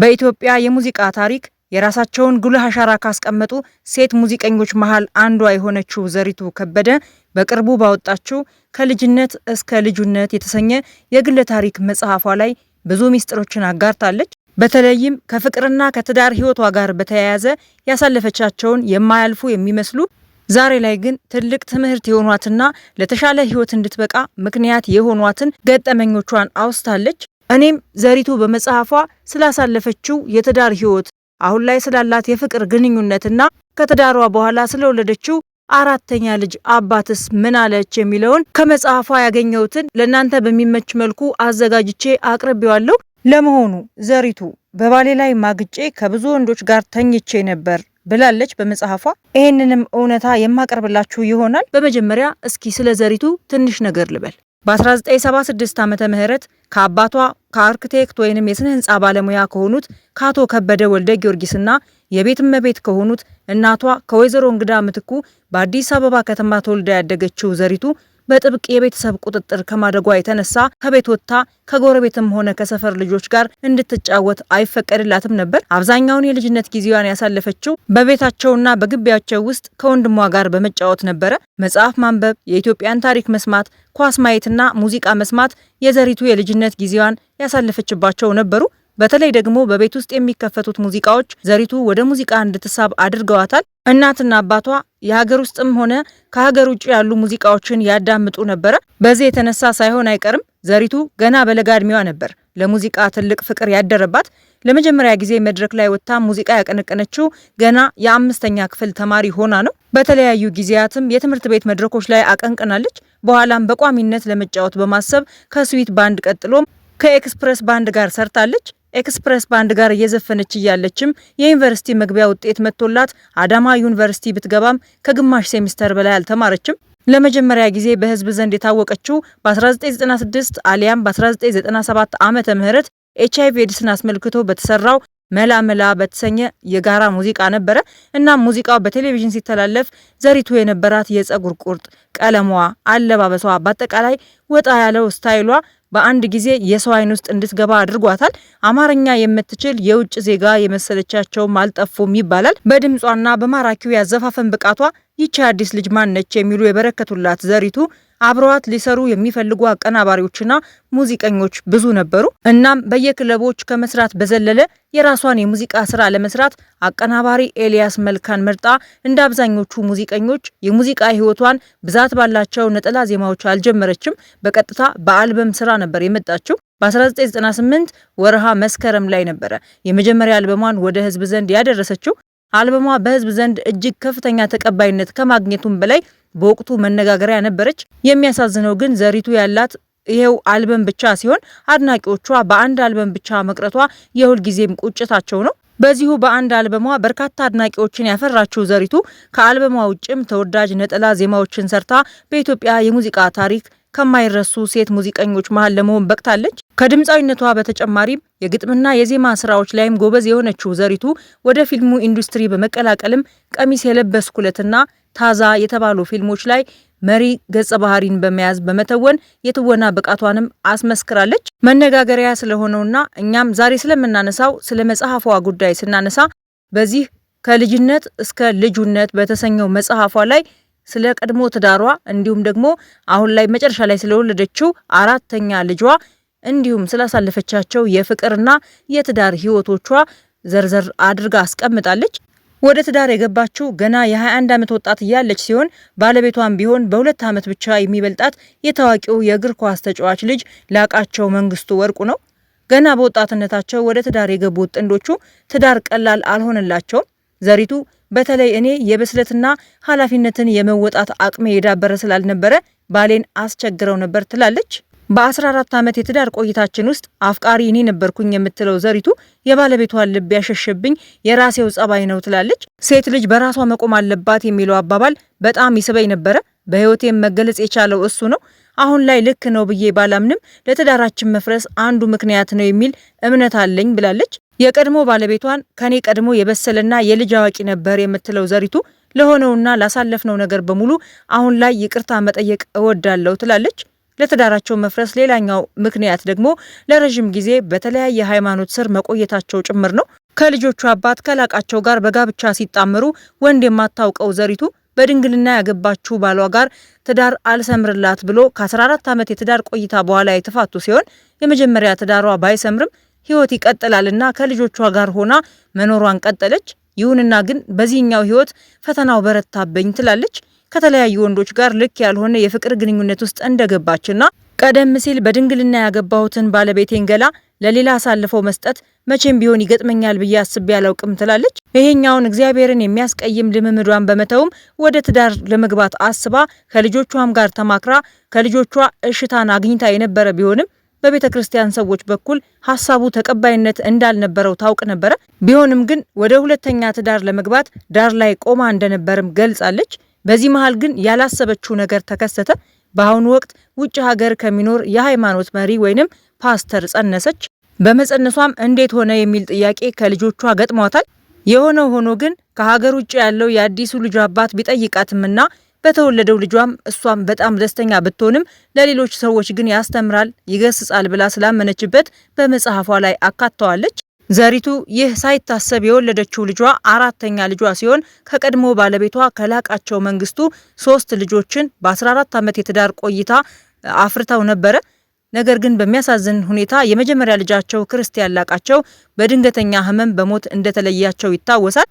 በኢትዮጵያ የሙዚቃ ታሪክ የራሳቸውን ጉልህ አሻራ ካስቀመጡ ሴት ሙዚቀኞች መሀል አንዷ የሆነችው ዘሪቱ ከበደ በቅርቡ ባወጣችው ከልጅነት እስከ ልጁነት የተሰኘ የግለ ታሪክ መጽሐፏ ላይ ብዙ ምስጢሮችን አጋርታለች። በተለይም ከፍቅርና ከትዳር ህይወቷ ጋር በተያያዘ ያሳለፈቻቸውን የማያልፉ የሚመስሉ ዛሬ ላይ ግን ትልቅ ትምህርት የሆኗትና ለተሻለ ህይወት እንድትበቃ ምክንያት የሆኗትን ገጠመኞቿን አውስታለች። እኔም ዘሪቱ በመጽሐፏ ስላሳለፈችው የትዳር ህይወት አሁን ላይ ስላላት የፍቅር ግንኙነትና ከትዳሯ በኋላ ስለወለደችው አራተኛ ልጅ አባትስ ምን አለች የሚለውን ከመጽሐፏ ያገኘሁትን ለእናንተ በሚመች መልኩ አዘጋጅቼ አቅርቤዋለሁ። ለመሆኑ ዘሪቱ በባሌ ላይ ማግጬ ከብዙ ወንዶች ጋር ተኝቼ ነበር ብላለች በመጽሐፏ። ይህንንም እውነታ የማቀርብላችሁ ይሆናል። በመጀመሪያ እስኪ ስለ ዘሪቱ ትንሽ ነገር ልበል። በ1976 ዓ ም ከአባቷ ከአርክቴክት ወይንም የስነ ህንፃ ባለሙያ ከሆኑት ከአቶ ከበደ ወልደ ጊዮርጊስና የቤት እመቤት ከሆኑት እናቷ ከወይዘሮ እንግዳ ምትኩ በአዲስ አበባ ከተማ ተወልዳ ያደገችው ዘሪቱ በጥብቅ የቤተሰብ ቁጥጥር ከማደጓ የተነሳ ከቤት ወጥታ ከጎረቤትም ሆነ ከሰፈር ልጆች ጋር እንድትጫወት አይፈቀድላትም ነበር። አብዛኛውን የልጅነት ጊዜዋን ያሳለፈችው በቤታቸውና በግቢያቸው ውስጥ ከወንድሟ ጋር በመጫወት ነበረ። መጽሐፍ ማንበብ፣ የኢትዮጵያን ታሪክ መስማት፣ ኳስ ማየትና ሙዚቃ መስማት የዘሪቱ የልጅነት ጊዜዋን ያሳለፈችባቸው ነበሩ። በተለይ ደግሞ በቤት ውስጥ የሚከፈቱት ሙዚቃዎች ዘሪቱ ወደ ሙዚቃ እንድትሳብ አድርገዋታል። እናትና አባቷ የሀገር ውስጥም ሆነ ከሀገር ውጭ ያሉ ሙዚቃዎችን ያዳምጡ ነበረ። በዚህ የተነሳ ሳይሆን አይቀርም ዘሪቱ ገና በለጋ እድሜዋ ነበር ለሙዚቃ ትልቅ ፍቅር ያደረባት። ለመጀመሪያ ጊዜ መድረክ ላይ ወጥታ ሙዚቃ ያቀነቀነችው ገና የአምስተኛ ክፍል ተማሪ ሆና ነው። በተለያዩ ጊዜያትም የትምህርት ቤት መድረኮች ላይ አቀንቅናለች። በኋላም በቋሚነት ለመጫወት በማሰብ ከስዊት ባንድ ቀጥሎም ከኤክስፕሬስ ባንድ ጋር ሰርታለች። ኤክስፕረስ ባንድ ጋር እየዘፈነች እያለችም የዩኒቨርሲቲ መግቢያ ውጤት መጥቶላት አዳማ ዩኒቨርሲቲ ብትገባም ከግማሽ ሴሚስተር በላይ አልተማረችም። ለመጀመሪያ ጊዜ በህዝብ ዘንድ የታወቀችው በ1996 አሊያም በ1997 ዓመተ ምህረት ኤች አይቪ ኤድስን አስመልክቶ በተሰራው መላመላ በተሰኘ የጋራ ሙዚቃ ነበረ። እናም ሙዚቃው በቴሌቪዥን ሲተላለፍ ዘሪቱ የነበራት የጸጉር ቁርጥ፣ ቀለሟ፣ አለባበሷ፣ በአጠቃላይ ወጣ ያለው ስታይሏ በአንድ ጊዜ የሰው አይን ውስጥ እንድትገባ አድርጓታል። አማርኛ የምትችል የውጭ ዜጋ የመሰለቻቸውም አልጠፉም ይባላል። በድምጿና በማራኪው ያዘፋፈን ብቃቷ ይቺ አዲስ ልጅ ማነች የሚሉ የበረከቱላት ዘሪቱ አብረዋት ሊሰሩ የሚፈልጉ አቀናባሪዎችና ሙዚቀኞች ብዙ ነበሩ። እናም በየክለቦች ከመስራት በዘለለ የራሷን የሙዚቃ ስራ ለመስራት አቀናባሪ ኤልያስ መልካን መርጣ እንደ አብዛኞቹ ሙዚቀኞች የሙዚቃ ህይወቷን ብዛት ባላቸው ነጠላ ዜማዎች አልጀመረችም። በቀጥታ በአልበም ስራ ነበር የመጣችው። በ1998 ወርሃ መስከረም ላይ ነበረ የመጀመሪያ አልበሟን ወደ ህዝብ ዘንድ ያደረሰችው። አልበሟ በህዝብ ዘንድ እጅግ ከፍተኛ ተቀባይነት ከማግኘቱም በላይ በወቅቱ መነጋገሪያ ነበረች። የሚያሳዝነው ግን ዘሪቱ ያላት ይሄው አልበም ብቻ ሲሆን አድናቂዎቿ በአንድ አልበም ብቻ መቅረቷ የሁልጊዜም ቁጭታቸው ነው። በዚሁ በአንድ አልበሟ በርካታ አድናቂዎችን ያፈራችው ዘሪቱ ከአልበሟ ውጭም ተወዳጅ ነጠላ ዜማዎችን ሰርታ በኢትዮጵያ የሙዚቃ ታሪክ ከማይረሱ ሴት ሙዚቀኞች መሀል ለመሆን በቅታለች። ከድምፃዊነቷ በተጨማሪም የግጥምና የዜማ ስራዎች ላይም ጎበዝ የሆነችው ዘሪቱ ወደ ፊልሙ ኢንዱስትሪ በመቀላቀልም ቀሚስ የለበስኩለትና ታዛ የተባሉ ፊልሞች ላይ መሪ ገጸ ባህሪን በመያዝ በመተወን የትወና ብቃቷንም አስመስክራለች። መነጋገሪያ ስለሆነውና እኛም ዛሬ ስለምናነሳው ስለ መጽሐፏ ጉዳይ ስናነሳ በዚህ ከልጅነት እስከ ልጁነት በተሰኘው መጽሐፏ ላይ ስለ ቀድሞ ትዳሯ እንዲሁም ደግሞ አሁን ላይ መጨረሻ ላይ ስለወለደችው አራተኛ ልጇ እንዲሁም ስላሳለፈቻቸው የፍቅርና የትዳር ህይወቶቿ ዘርዘር አድርጋ አስቀምጣለች። ወደ ትዳር የገባችው ገና የ21 ዓመት ወጣት እያለች ሲሆን ባለቤቷም ቢሆን በሁለት ዓመት ብቻ የሚበልጣት የታዋቂው የእግር ኳስ ተጫዋች ልጅ ላቃቸው መንግስቱ ወርቁ ነው። ገና በወጣትነታቸው ወደ ትዳር የገቡት ጥንዶቹ ትዳር ቀላል አልሆነላቸውም። ዘሪቱ በተለይ እኔ የብስለትና ኃላፊነትን የመወጣት አቅሜ የዳበረ ስላልነበረ ባሌን አስቸግረው ነበር ትላለች። በ14 ዓመት የትዳር ቆይታችን ውስጥ አፍቃሪ እኔ ነበርኩኝ የምትለው ዘሪቱ የባለቤቷን ልብ ያሸሸብኝ የራሴው ጸባይ ነው ትላለች። ሴት ልጅ በራሷ መቆም አለባት የሚለው አባባል በጣም ይስበኝ ነበረ። በህይወቴም መገለጽ የቻለው እሱ ነው። አሁን ላይ ልክ ነው ብዬ ባላምንም ለትዳራችን መፍረስ አንዱ ምክንያት ነው የሚል እምነት አለኝ ብላለች። የቀድሞ ባለቤቷን ከኔ ቀድሞ የበሰለና የልጅ አዋቂ ነበር የምትለው ዘሪቱ ለሆነውና ላሳለፍነው ነገር በሙሉ አሁን ላይ ይቅርታ መጠየቅ እወዳለሁ ትላለች። ለትዳራቸው መፍረስ ሌላኛው ምክንያት ደግሞ ለረዥም ጊዜ በተለያየ ሃይማኖት ስር መቆየታቸው ጭምር ነው። ከልጆቹ አባት ከላቃቸው ጋር በጋብቻ ሲጣመሩ ወንድ የማታውቀው ዘሪቱ በድንግልና ያገባችው ባሏ ጋር ትዳር አልሰምርላት ብሎ ከ14 ዓመት የትዳር ቆይታ በኋላ የተፋቱ ሲሆን የመጀመሪያ ትዳሯ ባይሰምርም ህይወት ይቀጥላልና ከልጆቿ ጋር ሆና መኖሯን ቀጠለች። ይሁንና ግን በዚህኛው ህይወት ፈተናው በረታበኝ ትላለች። ከተለያዩ ወንዶች ጋር ልክ ያልሆነ የፍቅር ግንኙነት ውስጥ እንደገባችና ቀደም ሲል በድንግልና ያገባሁትን ባለቤቴን ገላ ለሌላ አሳልፈው መስጠት መቼም ቢሆን ይገጥመኛል ብዬ አስቤ አላውቅም ትላለች። ይሄኛውን እግዚአብሔርን የሚያስቀይም ልምምዷን በመተውም ወደ ትዳር ለመግባት አስባ ከልጆቿም ጋር ተማክራ ከልጆቿ እሽታን አግኝታ የነበረ ቢሆንም በቤተ ክርስቲያን ሰዎች በኩል ሀሳቡ ተቀባይነት እንዳልነበረው ታውቅ ነበረ። ቢሆንም ግን ወደ ሁለተኛ ትዳር ለመግባት ዳር ላይ ቆማ እንደነበርም ገልጻለች። በዚህ መሀል ግን ያላሰበችው ነገር ተከሰተ። በአሁኑ ወቅት ውጭ ሀገር ከሚኖር የሃይማኖት መሪ ወይንም ፓስተር ጸነሰች። በመጸነሷም እንዴት ሆነ የሚል ጥያቄ ከልጆቿ ገጥሟታል። የሆነው ሆኖ ግን ከሀገር ውጭ ያለው የአዲሱ ልጅ አባት ቢጠይቃትምና በተወለደው ልጇም እሷም በጣም ደስተኛ ብትሆንም ለሌሎች ሰዎች ግን ያስተምራል፣ ይገስጻል ብላ ስላመነችበት በመጽሐፏ ላይ አካተዋለች። ዘሪቱ ይህ ሳይታሰብ የወለደችው ልጇ አራተኛ ልጇ ሲሆን ከቀድሞ ባለቤቷ ከላቃቸው መንግስቱ ሶስት ልጆችን በ14 ዓመት የትዳር ቆይታ አፍርተው ነበረ። ነገር ግን በሚያሳዝን ሁኔታ የመጀመሪያ ልጃቸው ክርስቲያን ላቃቸው በድንገተኛ ህመም በሞት እንደተለያቸው ይታወሳል።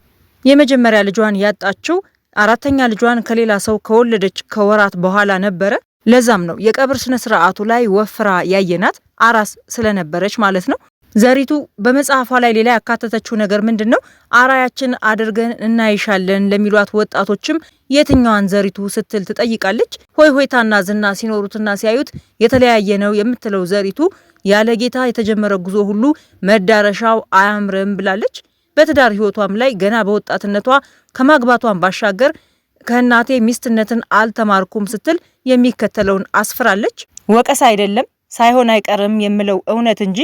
የመጀመሪያ ልጇን ያጣችው አራተኛ ልጇን ከሌላ ሰው ከወለደች ከወራት በኋላ ነበረ። ለዛም ነው የቀብር ስነ ስርዓቱ ላይ ወፍራ ያየናት አራስ ስለነበረች ማለት ነው። ዘሪቱ በመጽሐፏ ላይ ሌላ ያካተተችው ነገር ምንድን ነው? አራያችን አድርገን እናይሻለን ለሚሏት ወጣቶችም የትኛዋን ዘሪቱ ስትል ትጠይቃለች። ሆይ ሆይታና ዝና ሲኖሩትና ሲያዩት የተለያየ ነው የምትለው ዘሪቱ ያለ ጌታ የተጀመረ ጉዞ ሁሉ መዳረሻው አያምርም ብላለች። በትዳር ህይወቷም ላይ ገና በወጣትነቷ ከማግባቷን ባሻገር ከእናቴ ሚስትነትን አልተማርኩም ስትል የሚከተለውን አስፍራለች። ወቀስ አይደለም ሳይሆን አይቀርም የምለው እውነት እንጂ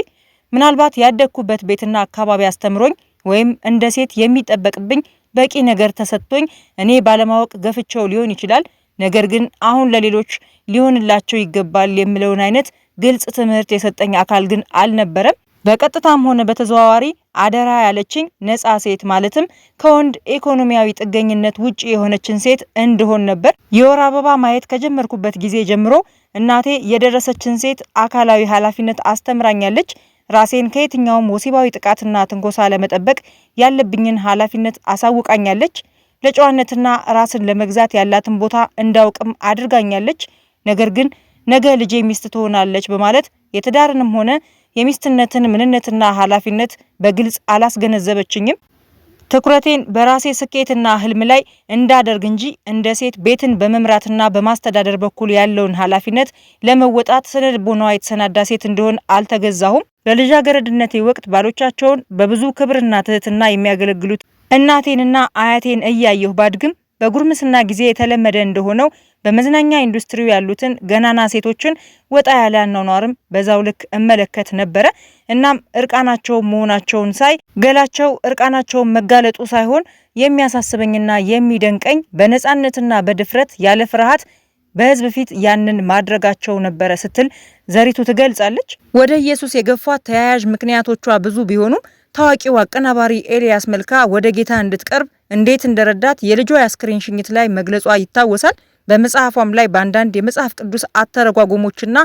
ምናልባት ያደግኩበት ቤትና አካባቢ አስተምሮኝ ወይም እንደ ሴት የሚጠበቅብኝ በቂ ነገር ተሰጥቶኝ እኔ ባለማወቅ ገፍቸው ሊሆን ይችላል። ነገር ግን አሁን ለሌሎች ሊሆንላቸው ይገባል የምለውን አይነት ግልጽ ትምህርት የሰጠኝ አካል ግን አልነበረም። በቀጥታም ሆነ በተዘዋዋሪ አደራ ያለችኝ ነጻ ሴት ማለትም ከወንድ ኢኮኖሚያዊ ጥገኝነት ውጭ የሆነችን ሴት እንድሆን ነበር። የወር አበባ ማየት ከጀመርኩበት ጊዜ ጀምሮ እናቴ የደረሰችን ሴት አካላዊ ኃላፊነት አስተምራኛለች። ራሴን ከየትኛውም ወሲባዊ ጥቃትና ትንኮሳ ለመጠበቅ ያለብኝን ኃላፊነት አሳውቃኛለች። ለጨዋነትና ራስን ለመግዛት ያላትን ቦታ እንዳውቅም አድርጋኛለች። ነገር ግን ነገ ልጄ ሚስት ትሆናለች በማለት የትዳርንም ሆነ የሚስትነትን ምንነትና ኃላፊነት በግልጽ አላስገነዘበችኝም። ትኩረቴን በራሴ ስኬትና ህልም ላይ እንዳደርግ እንጂ እንደ ሴት ቤትን በመምራትና በማስተዳደር በኩል ያለውን ኃላፊነት ለመወጣት ስነ ልቦናዋ የተሰናዳ ሴት እንደሆን አልተገዛሁም። በልጃገረድነቴ ወቅት ባሎቻቸውን በብዙ ክብርና ትህትና የሚያገለግሉት እናቴንና አያቴን እያየሁ ባድግም በጉርምስና ጊዜ የተለመደ እንደሆነው በመዝናኛ ኢንዱስትሪው ያሉትን ገናና ሴቶችን ወጣ ያለ አኗኗርም በዛው ልክ እመለከት ነበረ። እናም እርቃናቸው መሆናቸውን ሳይ ገላቸው እርቃናቸውን መጋለጡ ሳይሆን የሚያሳስበኝና የሚደንቀኝ በነፃነትና በድፍረት ያለ ፍርሃት በህዝብ ፊት ያንን ማድረጋቸው ነበረ ስትል ዘሪቱ ትገልጻለች። ወደ ኢየሱስ የገፏት ተያያዥ ምክንያቶቿ ብዙ ቢሆኑም ታዋቂው አቀናባሪ ኤልያስ መልካ ወደ ጌታ እንድትቀርብ እንዴት እንደረዳት የልጇ የአስክሬን ሽኝት ላይ መግለጿ ይታወሳል። በመጽሐፏም ላይ በአንዳንድ የመጽሐፍ ቅዱስ አተረጓጎሞችና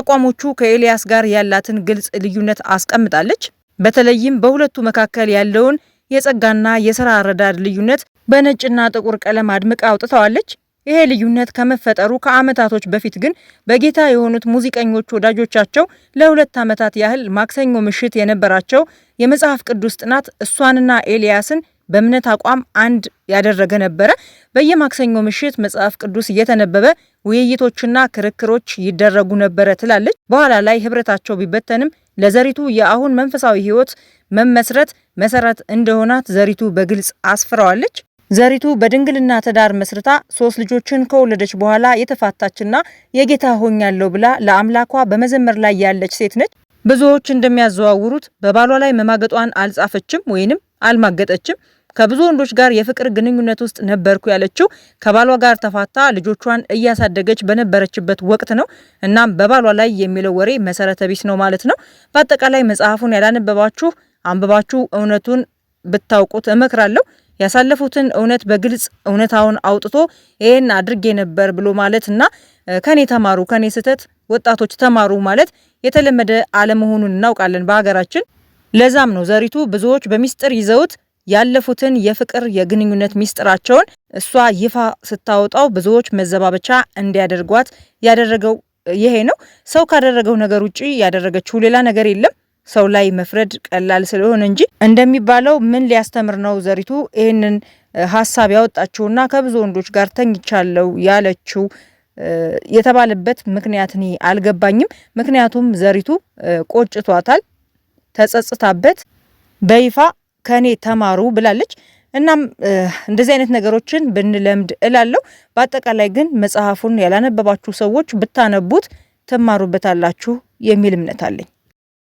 አቋሞቹ ከኤልያስ ጋር ያላትን ግልጽ ልዩነት አስቀምጣለች። በተለይም በሁለቱ መካከል ያለውን የጸጋና የሥራ አረዳድ ልዩነት በነጭና ጥቁር ቀለም አድምቃ አውጥተዋለች። ይሄ ልዩነት ከመፈጠሩ ከዓመታቶች በፊት ግን በጌታ የሆኑት ሙዚቀኞች ወዳጆቻቸው ለሁለት ዓመታት ያህል ማክሰኞ ምሽት የነበራቸው የመጽሐፍ ቅዱስ ጥናት እሷንና ኤልያስን በእምነት አቋም አንድ ያደረገ ነበረ። በየማክሰኞ ምሽት መጽሐፍ ቅዱስ እየተነበበ ውይይቶችና ክርክሮች ይደረጉ ነበረ ትላለች። በኋላ ላይ ህብረታቸው ቢበተንም ለዘሪቱ የአሁን መንፈሳዊ ህይወት መመስረት መሰረት እንደሆናት ዘሪቱ በግልጽ አስፍረዋለች። ዘሪቱ በድንግልና ትዳር መስርታ ሶስት ልጆችን ከወለደች በኋላ የተፋታችና የጌታ ሆኛለሁ ብላ ለአምላኳ በመዘመር ላይ ያለች ሴት ነች። ብዙዎች እንደሚያዘዋውሩት በባሏ ላይ መማገጧን አልጻፈችም ወይንም አልማገጠችም። ከብዙ ወንዶች ጋር የፍቅር ግንኙነት ውስጥ ነበርኩ ያለችው ከባሏ ጋር ተፋታ ልጆቿን እያሳደገች በነበረችበት ወቅት ነው። እናም በባሏ ላይ የሚለው ወሬ መሰረተ ቢስ ነው ማለት ነው። በአጠቃላይ መጽሐፉን ያላነበባችሁ አንብባችሁ እውነቱን ብታውቁት እመክራለሁ። ያሳለፉትን እውነት በግልጽ እውነታውን አውጥቶ ይህን አድርጌ ነበር ብሎ ማለት እና ከኔ ተማሩ ከኔ ስህተት ወጣቶች ተማሩ ማለት የተለመደ አለመሆኑን እናውቃለን በሀገራችን ለዛም ነው ዘሪቱ ብዙዎች በሚስጥር ይዘውት ያለፉትን የፍቅር የግንኙነት ሚስጥራቸውን እሷ ይፋ ስታወጣው ብዙዎች መዘባበቻ እንዲያደርጓት ያደረገው ይሄ ነው። ሰው ካደረገው ነገር ውጪ ያደረገችው ሌላ ነገር የለም። ሰው ላይ መፍረድ ቀላል ስለሆነ እንጂ እንደሚባለው ምን ሊያስተምር ነው ዘሪቱ ይህንን ሀሳብ ያወጣችውና ከብዙ ወንዶች ጋር ተኝቻለው ያለችው የተባለበት ምክንያት እኔ አልገባኝም። ምክንያቱም ዘሪቱ ቆጭቷታል። ተጸጽታበት በይፋ ከኔ ተማሩ ብላለች። እናም እንደዚህ አይነት ነገሮችን ብንለምድ እላለሁ። በአጠቃላይ ግን መጽሐፉን ያላነበባችሁ ሰዎች ብታነቡት ትማሩበታላችሁ የሚል እምነት አለኝ።